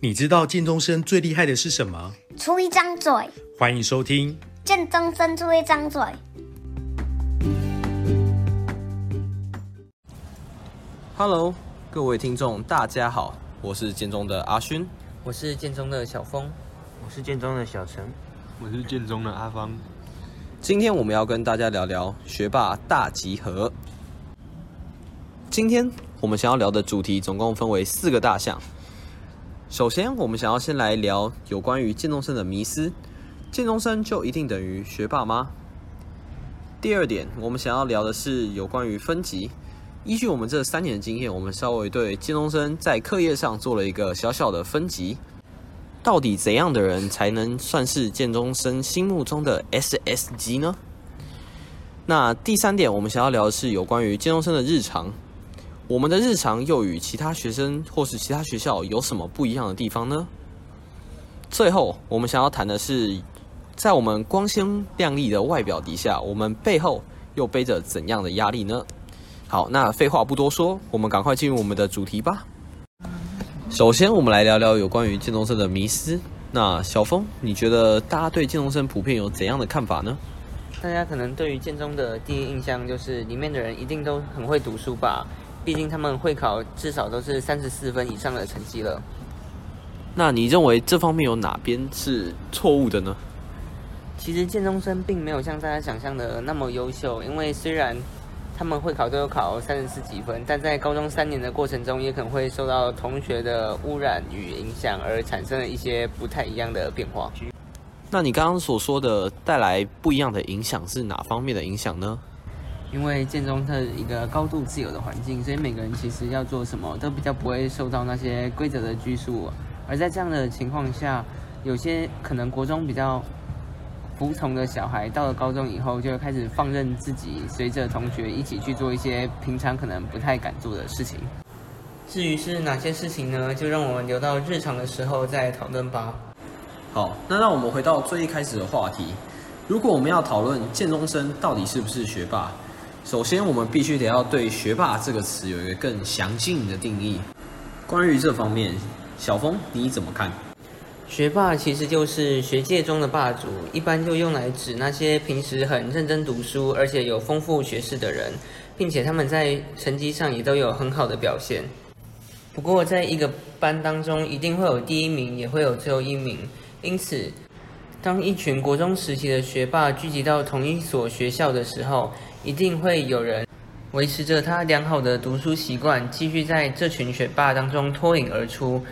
你知道建中生最厲害的是什麼？出一張嘴。歡迎收聽建中生出一張嘴。Hello，各位聽眾，大家好，我是建中的阿勳，我是建中的小豐，我是建中的小誠，我是建中的阿芳。 今天我們要跟大家聊聊學霸大集合。今天我們想要聊的主題，總共分為四個大項。首先，我們想要先來聊有關於建中生的迷思：建中生就一定等於學霸嗎？第二點，我們想要聊的是有關於分級。依據我們這三年的經驗，我們稍微對建中生在課業上做了一個小小的分級。到底怎樣的人才能算是建中生心目中的 SS 級呢？那第三點，我們想要聊的是有關於建中生的日常。我們的日常又與其他學生或是其他學校有什麼不一樣的地方呢？最後，我們想要談的是，在我們光鮮亮麗的外表底下，我們背後又背着怎樣的壓力呢？好，那廢話不多說，我們趕快進入我們的主題吧。首先，我們來聊聊有關於建中生的迷思。那小豐，你覺得大家對建中生普遍有怎樣的看法呢？大家可能對於建中的第一印象就是，裡面的人一定都很會讀書吧。畢竟他們會考至少都是三十四分以上的成績了。那你認為這方面有哪邊是錯誤的呢？其實建中生並沒有像大家想象的那麼優秀，因為雖然他們會考都有考三十四幾分，但在高中三年的過程中，也可能會受到同學的污染與影響而產生了一些不太一樣的變化。那你剛剛所說的帶來不一樣的影響是哪方面的影響呢？因為建中它是一個高度自由的環境，所以每個人其實要做什麼都比較不會受到那些規則的拘束。而在這樣的情況下，有些可能國中比較服從的小孩，到了高中以後就會開始放任自己，隨着同學一起去做一些平常可能不太敢做的事情。至於是哪些事情呢？就讓我們留到日常的時候再討論吧。好，那讓我們回到最一開始的話題。如果我們要討論建中生到底是不是學霸？首先，我們必須得要對“學霸”這個詞有一個更詳盡的定義。關於這方面，小豐你怎麼看？學霸其實就是學界中的霸主，一般就用來指那些平時很認真讀書，而且有豐富學識的人，並且他們在成績上也都有很好的表現。不過，在一個班當中，一定會有第一名，也會有最後一名。因此，當一群國中時期的學霸聚集到同一所學校的時候，一定會有人維持着他良好的讀書習慣，繼續在這群學霸當中脫穎而出，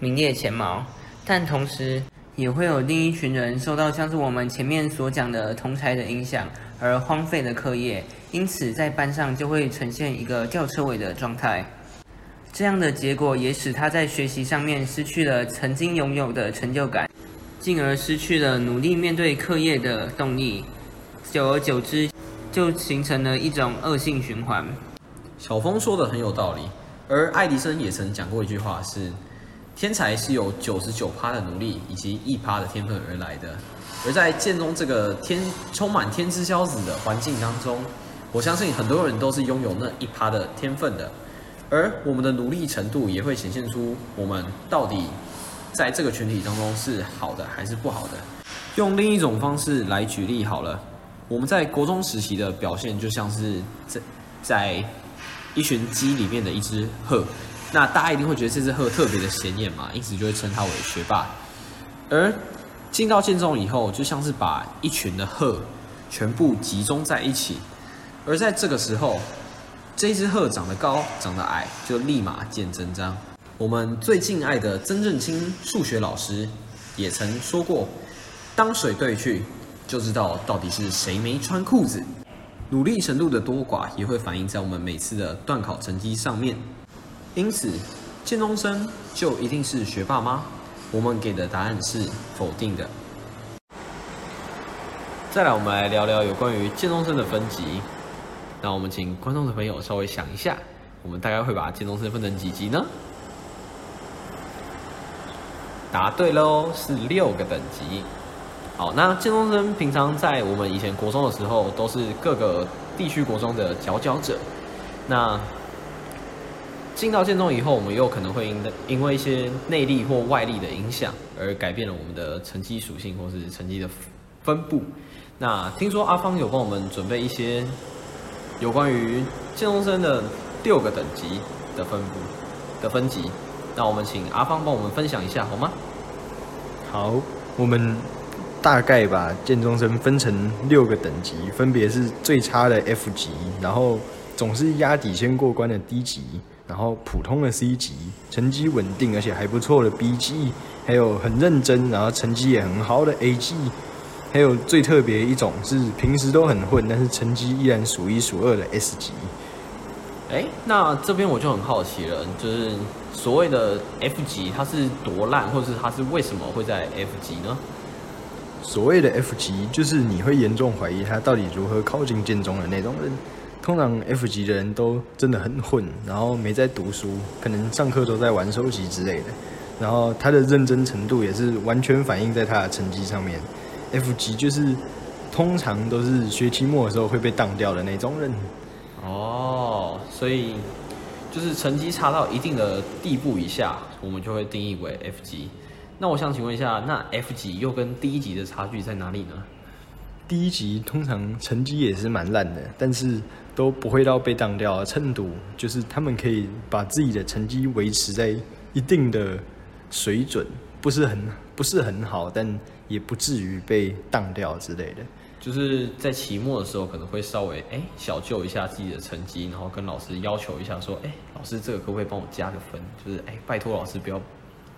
名列前茅。但同時，也會有另一群人受到像是我們前面所講的同儕的影響而荒廢了課業，因此在班上就會呈現一個吊車尾的狀態。這樣的結果也使他在學習上面失去了曾經擁有的成就感，進而失去了努力面對課業的動力。久而久之，就形成了一種惡性循環。小峰說的很有道理，而愛迪生也曾講過一句話是：是天才是有九十九趴的努力以及一趴的天分而來的。而在建中這個天充滿天之驕子的環境當中，我相信很多人都是擁有那一趴的天分的，而我們的努力程度也會顯現出我們到底在這個群體當中是好的還是不好的。用另一種方式來舉例好了。我們在國中時期的表現就像是在在一群雞裡面的一隻鶴，那大家一定會覺得這隻鶴特別的顯眼嘛，因此就會稱它為學霸。而進到建中以後，就像是把一群的鶴全部集中在一起，而在這個時候，這隻鶴長得高長得矮就立馬見真章。我們最敬愛的曾振清數學老師也曾說過：當水退去。就知道到底是誰沒穿褲子，努力程度的多寡也會反映在我們每次的段考成績上面。因此，建中生就一定是學霸嗎？我們給的答案是否定的。再來，我們來聊聊有關於建中生的分級。那我們請觀眾的朋友稍微想一下，我們大概會把建中生分成幾級呢？答對了哦，是六個等級。好，那建中生平常在我們以前國中的時候，都是各個地區國中的佼佼者。那進到建中以後，我們又可能會因因為一些內力或外力的影響，而改變了我們的成績屬性或是成績的分布。那聽說阿方有幫我們準備一些有關於建中生的六個等級的分布的分級，那我們請阿方幫我們分享一下好嗎？好，我們。大概把建中生分成六個等級，分別是最差的 F 級，然後總是壓底線過關的 D 級，然後普通的 C 級，成績穩定而且還不錯的 B 級，還有很認真然後成績也很好的 A 級，還有最特別一種是平時都很混，但是成績依然數一數二的 S 級。誒、欸，那這邊我就很好奇了，就是所謂的 F 級，它是多爛，或是它是為什麼會在 F 級呢？所謂的 F 級，就是你會嚴重懷疑他到底如何考進建中的那種人。通常 F 級的人都真的很混，然後沒在讀書，可能上課都在玩手機之類的。然後他的認真程度也是完全反映在他的成績上面。F 級就是通常都是學期末的時候會被當掉的那種人。哦，所以就是成績差到一定的地步以下，我們就會定義為 F 級。那我想請問一下，那 F 級又跟 D 級的差距在哪裡呢？D 級通常成績也是蠻爛的，但是都不會到被當掉的程度，就是他們可以把自己的成績維持在一定的水準，不是很，不是很好，但也不至於被當掉之類的。就是在期末的時候可能會稍微哎、欸、小救一下自己的成績，然後跟老師要求一下說，哎、欸、老師這個可不可以幫我加個分？就是哎、欸、拜託老師不要，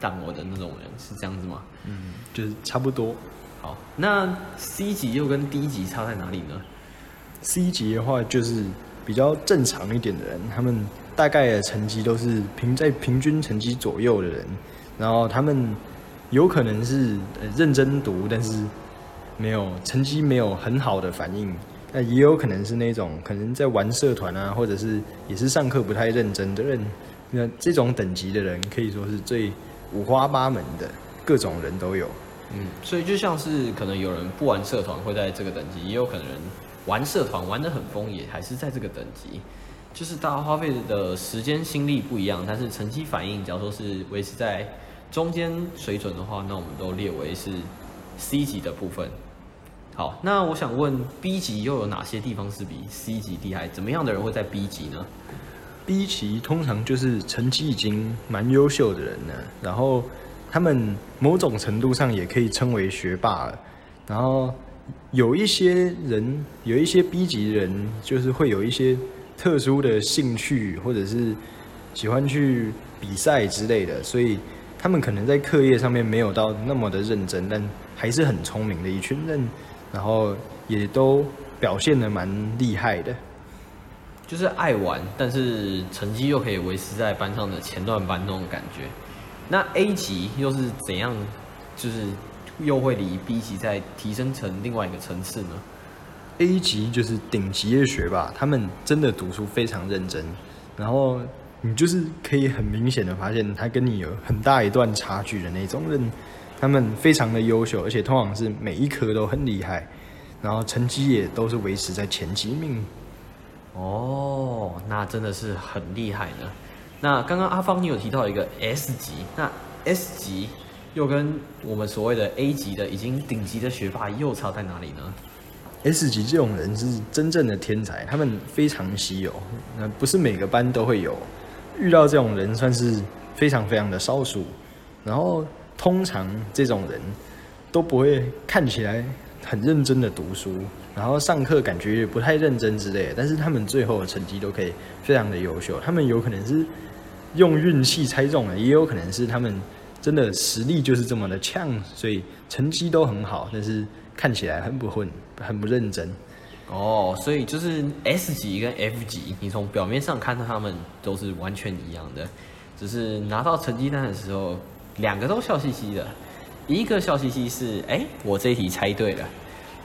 當我的那種人是這樣子嗎？嗯，就是差不多。好，那 C 級又跟 D 級差在哪裡呢？C 級的話就是比較正常一點的人，他們大概的成績都是平在平均成績左右的人。然後他們有可能是認真讀，但是沒有成績沒有很好的反應。那也有可能是那種可能在玩社團啊，或者是也是上課不太認真的人。那這種等級的人可以說是最。五花八門的各種人都有，嗯，所以就像是可能有人不玩社團會在這個等級，也有可能人玩社團玩得很瘋也還是在這個等級，就是大家花費的時間心力不一樣，但是成績反映，假如說是維持在中間水準的話，那我們都列為是 C 級的部分。好，那我想問 B 級又有哪些地方是比 C 級厲害？怎麼樣的人會在 B 級呢？B 級通常就是成績已經蠻優秀的人了，然後他們某種程度上也可以稱為學霸了。然後有一些人，有一些 B 級人，就是會有一些特殊的興趣，或者是喜歡去比賽之類的，所以他們可能在課業上面沒有到那麼的認真，但還是很聰明的一群人，然後也都表現得蠻厲害的。就是愛玩，但是成績又可以維持在班上的前段班那種感覺。那 A 級又是怎樣？就是又會離 B 級再提升成另外一個層次呢？A 級就是頂級的學霸，他們真的讀書非常認真，然後你就是可以很明顯的發現，他跟你有很大一段差距的那種人。他們非常的優秀，而且通常是每一科都很厲害，然後成績也都是維持在前幾名。哦，那真的是很厲害呢。那剛剛阿方你有提到一個 S 級，那 S 級又跟我們所謂的 A 級的已經頂級的學霸又差在哪裡呢？S 級這種人是真正的天才，他們非常稀有，那不是每個班都會有，遇到這種人算是非常非常的少數。然後通常這種人都不會看起來。很認真的讀書，然後上課感覺不太認真之類的，但是他們最後的成績都可以非常的優秀。他們有可能是用運氣猜中了，也有可能是他們真的實力就是這麼的強，所以成績都很好，但是看起來很不混，很不認真。哦、oh，所以就是 S 級跟 F 級，你從表面上看到他們都是完全一樣的，只、就是拿到成績單的時候，兩個都笑嘻嘻的。一個笑嘻嘻是哎、欸，我這一題猜對了；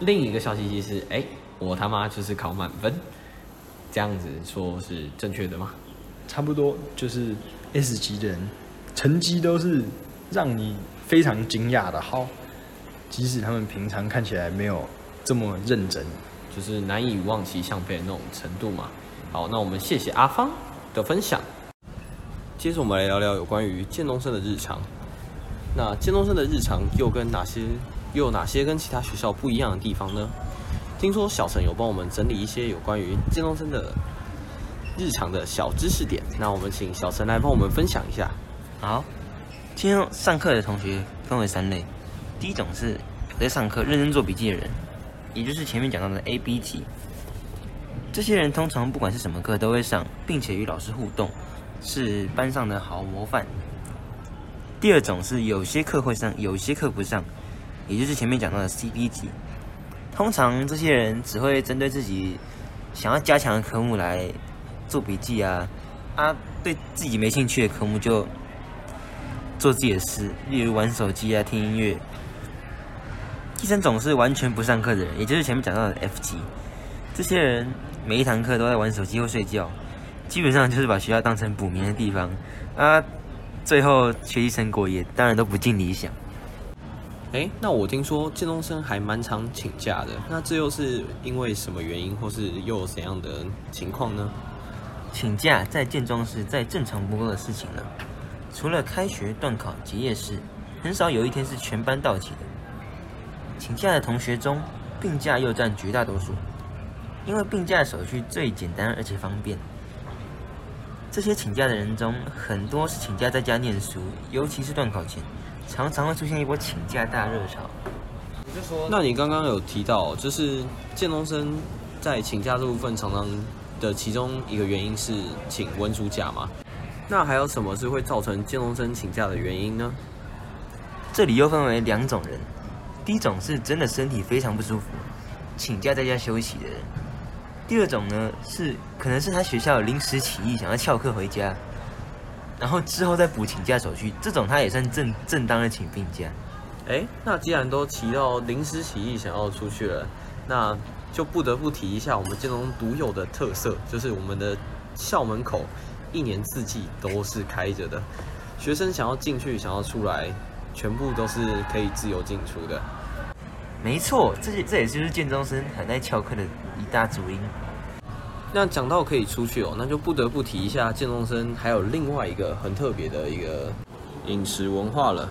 另一個笑嘻嘻是哎、欸，我他媽就是考滿分，這樣子說是正確的嗎？差不多就是 S 級的人，成績都是讓你非常驚訝的。好，即使他們平常看起來沒有這麼認真，就是難以望其項背的那種程度嘛。好，那我們謝謝阿方的分享。接着我們來聊聊有關於建中生的日常。那建中生的日常又跟哪些，又有哪些跟其他學校不一樣的地方呢？聽說小陳有幫我們整理一些有關於建中生的日常的小知識點，那我們請小陳來幫我們分享一下。好，今天上課的同學分為三類，第一種是，在上課認真做筆記的人，也就是前面講到的 A、B 級，這些人通常不管是什麼課都會上，並且與老師互動，是班上的好模範。第二種是有些課會上，有些課不上，也就是前面講到的 C、B 級。通常這些人只會針對自己想要加強的科目來做筆記啊，啊，對自己沒興趣的科目就做自己的事，例如玩手機啊、聽音樂。第三種是完全不上課的人，也就是前面講到的 F 級。這些人每一堂課都在玩手機或睡覺，基本上就是把學校當成補眠的地方啊。最後學習成果也當然都不盡理想。哎、欸，那我聽說建中生還蠻常請假的，那這又是因為什麼原因，或是又有怎樣的情況呢？請假在建中是再正常不過的事情了，啊，除了開學、段考、結業式，很少有一天是全班到齊的。請假的同學中，病假又占絕大多數，因為病假的手續最簡單而且方便。這些請假的人中，很多是請假在家念書，尤其是段考前，常常會出現一波請假大熱潮。那你剛剛有提到，就是建中生在請假這部分常常的其中一個原因是請溫書假嗎？那還有什麼是會造成建中生請假的原因呢？這裡又分為兩種人，第一種是真的身體非常不舒服，請假在家休息的人。第二種呢，是可能是他學校有臨時起意想要翹課回家，然後之後再補請假手續，這種他也算正正當的請病假。哎，那既然都提到臨時起意想要出去了，那就不得不提一下我們建中獨有的特色，就是我們的校門口一年四季都是開着的，學生想要進去、想要出來，全部都是可以自由進出的。沒錯，這些這也就是建中生很愛翹課的一大主因。那講到可以出去哦，那就不得不提一下建中生還有另外一個很特別的一個飲食文化了。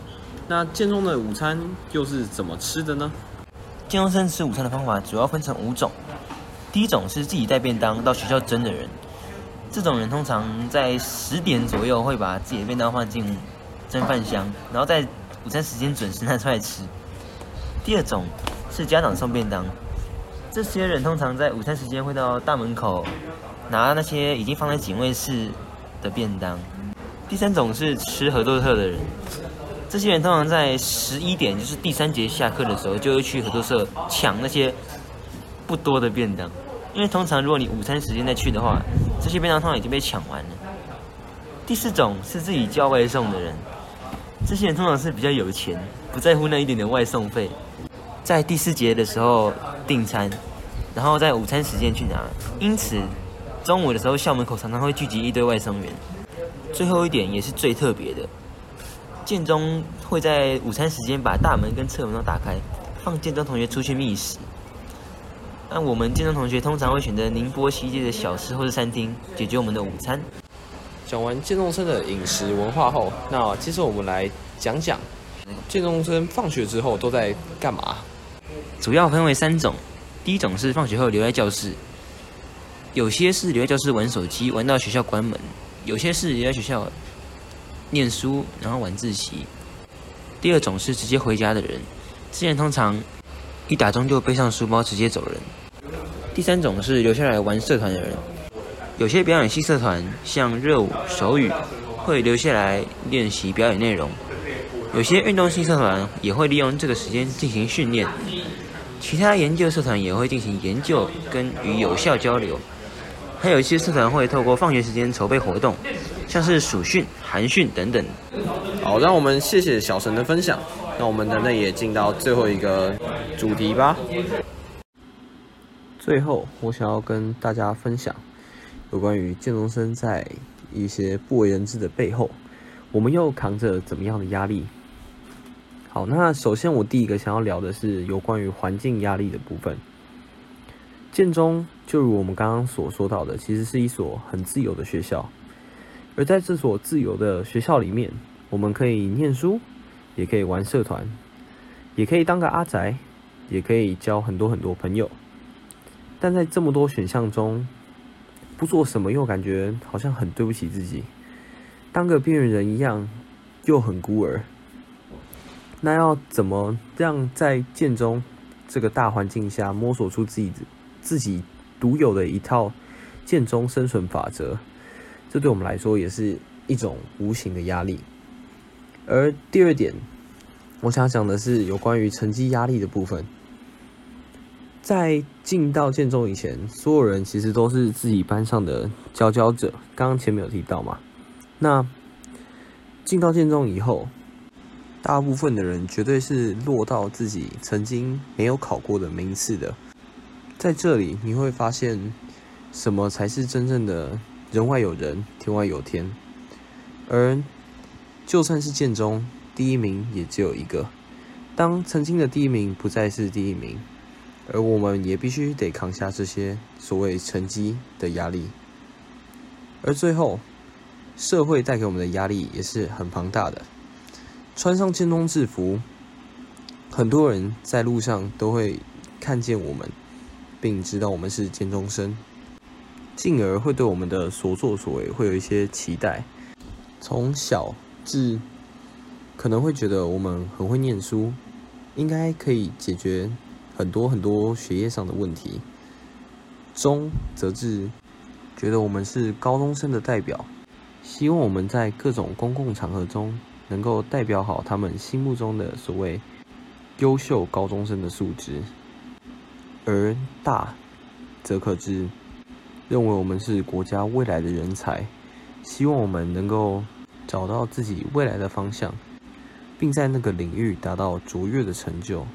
那建中的午餐又是怎麼吃的呢？建中生吃午餐的方法主要分成五種。第一種是自己帶便當到學校蒸的人，這種人通常在十點左右會把自己的便當放進蒸飯箱，然後在午餐時間準時拿出來吃。第二種是家長送便當，這些人通常在午餐時間會到大門口拿那些已經放在警衛室的便當。第三種是吃合作社的人，這些人通常在十一點，就是第三節下課的時候，就會去合作社搶那些不多的便當，因為通常如果你午餐時間再去的話，這些便當通常已經被搶完了。第四種是自己叫外送的人，這些人通常是比較有錢。不在乎那一點點外送費，在第四節的時候訂餐，然後在午餐時間去拿。因此，中午的時候校門口常常會聚集一堆外送員。最後一點也是最特別的，建中會在午餐時間把大門跟側門都打開，放建中同學出去覓食。那我們建中同學通常會選擇寧波西街的小吃或是餐廳解決我們的午餐。講完建中生的飲食文化後，那接着我們來講講。建中生放學之後都在幹嘛？主要分為三種：第一種是放學後留在教室，有些是留在教室玩手機，玩到學校關門；有些是留在學校念書，然後晚自習。第二種是直接回家的人，之前通常一打鐘就背上書包直接走人。第三種是留下來玩社團的人，有些表演系社團，像熱舞、手語，會留下來練習表演內容。有些運動性社團也會利用這個時間進行訓練，其他研究社團也會進行研究跟與有效交流，還有一些社團會透過放學時間籌備活動，像是暑訓、寒訓等等。好，讓我們謝謝小陳的分享。那我們等等也進到最後一個主題吧。最後，我想要跟大家分享有關於建中生在一些不為人知的背後，我們又扛着怎麼樣的壓力？好，那首先我第一個想要聊的是有關於環境壓力的部分。建中就如我們剛剛所說到的，其實是一所很自由的學校。而在這所自由的學校裡面，我們可以念書，也可以玩社團，也可以當個阿宅，也可以交很多很多朋友。但在這麼多選項中，不做什麼又感覺好像很對不起自己，當個邊緣人一樣，又很孤兒。那要怎麼讓在建中這個大環境下摸索出自己自己獨有的一套建中生存法則？這對我們來說也是一種無形的壓力。而第二點，我想講的是有關於成績壓力的部分。在進到建中以前，所有人其實都是自己班上的佼佼者。剛剛前面有提到嘛，那進到建中以後，大部分的人絕對是落到自己曾經沒有考過的名次的，在這裡你會發現，什麼才是真正的“人外有人，天外有天”，而就算是建中第一名也只有一個。當曾經的第一名不再是第一名，而我們也必須得扛下這些所謂成績的壓力，而最後，社會帶給我們的壓力也是很龐大的。穿上建中制服，很多人在路上都會看見我們，並知道我們是建中生，進而會對我們的所作所為會有一些期待。從小至可能會覺得我們很會念書，應該可以解決很多很多學業上的問題。中則至覺得我們是高中生的代表，希望我們在各種公共場合中，能夠代表好他們心目中的所謂優秀高中生的素質，而大則可知認為我們是國家未來的人才，希望我們能夠找到自己未來的方向，並在那個領域達到卓越的成就。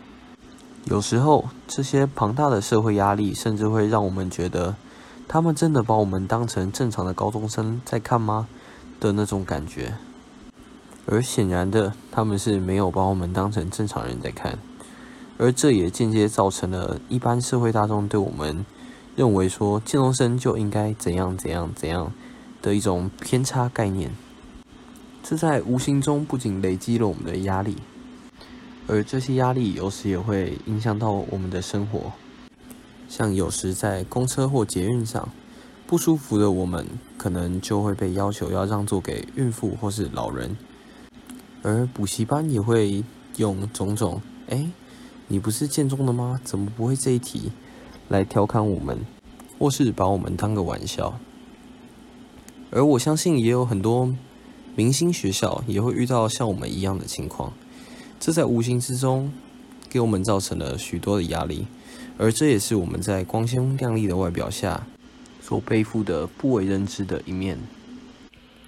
有時候，這些龐大的社會壓力，甚至會讓我們覺得，他們真的把我們當成正常的高中生在看嗎？的那種感覺。而顯然的，他們是沒有把我們當成正常人在看，而這也間接造成了一般社會大眾對我們認為說，建中生就應該怎樣怎樣怎樣的一種偏差概念。這在無形中不僅累積了我們的壓力，而這些壓力有時也會影響到我們的生活，像有時在公車或捷運上不舒服的我們，可能就會被要求要讓座給孕婦或是老人。而補習班也會用種種，哎、欸，你不是建中的嗎？怎麼不會這一題？來調侃我們，或是把我們當個玩笑。而我相信也有很多明星學校也會遇到像我們一樣的情況，這在無形之中給我們造成了許多的壓力，而這也是我們在光鮮亮麗的外表下所背負的不為人知的一面。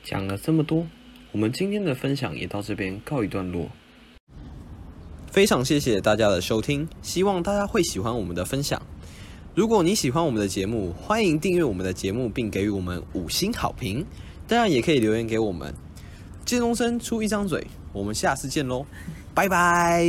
講了這麼多。我們今天的分享也到這邊告一段落，非常謝謝大家的收聽，希望大家會喜歡我們的分享。如果你喜歡我們的節目，歡迎訂閱我們的節目並給予我們五星好評，當然也可以留言給我們。建中生出一張嘴，我們下次見嘍，拜拜。